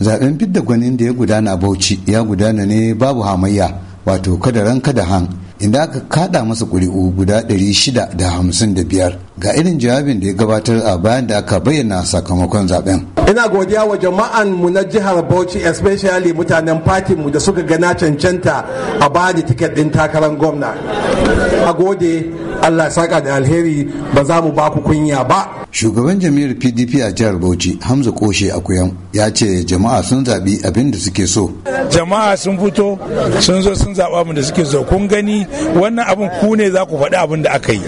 zaben fidda gwanin da ya gudana a bauchi ya gudana ne babu hamayya wato kada ran kada han inda aka kada masa ƙuri'u guda 655 ga irin jawabin da ya gabatar a bayan da aka bayyana sakamakon zaben ina godiya wa jama'an mu na jihar bauchi especially mutanen fatin mu da suka gana cancanta a bani tiket din takarar gwamna a gode allah saka da alheri ba za mu ba ku kunya ba shugaban jam'iyyar pdp a jihar bauchi hamza koshe akuyan ya ce jama'a sun zaɓi abin da suke so jama'a sun fito sun zo sun zaɓa abin da suke so kun gani wannan abin ku ne za ku faɗi abin da aka yi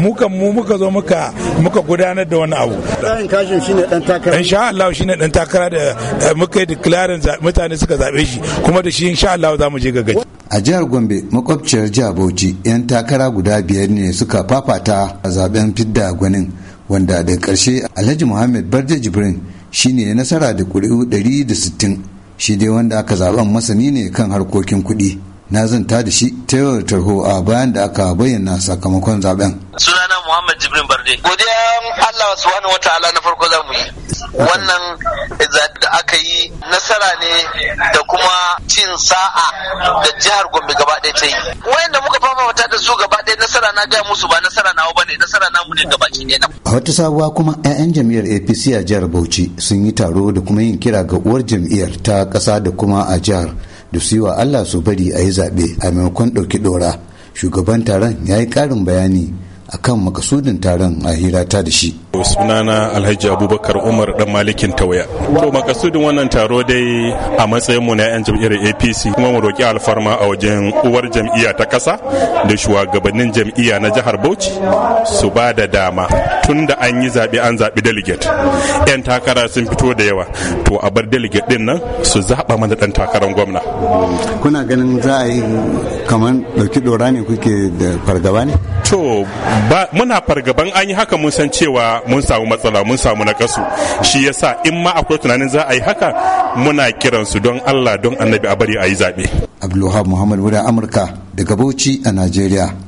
muka mu muka zo muka muka gudanar da wani abu ɗayan kashin shine ɗan takara sha Allah shine ɗan takara da eh, muka yi declaring mutane suka zaɓe shi kuma da shi in sha Allah za mu je gagaji a jihar gombe makwabciyar jihar bauchi 'yan takara guda biyar ne suka fafata a zaben fidda gwanin wanda daga ƙarshe alhaji muhammad barde jibrin shine ya nasara da ƙuri'u 160 shi dai wanda aka zaɓa masani ne kan harkokin kuɗi na zanta da shi ta yau tarho a bayan da aka bayyana sakamakon zaben. sunana muhammad jibrin barde godiya allah subhanahu na farko za yi wannan nasara ne da kuma cin sa'a da jihar Gombe gaba ɗaya ta yi. Wayanda muka fama wata da su gaba ɗaya nasara na gaya musu ba nasara nawa bane nasara namu ne gaba A wata sabuwa kuma 'ya'yan jam'iyyar APC a jihar Bauchi sun yi taro da kuma yin kira ga uwar jam'iyyar ta ƙasa da kuma a jihar da su yi wa Allah su bari a yi zaɓe a maimakon ɗauki ɗora. Shugaban taron ya yi ƙarin bayani akan makasudin taron a hirata da shi. sunana alhaji abubakar umar dan malikin tawaya to makasudin wannan taro dai a matsayin mu na yan jam'iyyar apc kuma mu roki alfarma a wajen uwar jam'iyya ta kasa da shugabannin jam'iyya na jihar bauchi su ba da dama tun da an yi zaɓe an zaɓi delegate yan takara sun fito da yawa to a bar delegate din nan su zaɓa mana ɗan takarar gwamna kuna ganin za a yi kamar ɗauki dora ne kuke da fargaba ne to ba muna fargaban an yi haka mun san cewa mun samu matsala mun samu na kasu shi yasa in ma akwai tunanin za a yi haka muna kiransu don allah don annabi a bari a yi zaɓe abdulwahab muhammad wurin amurka daga bauchi a najeriya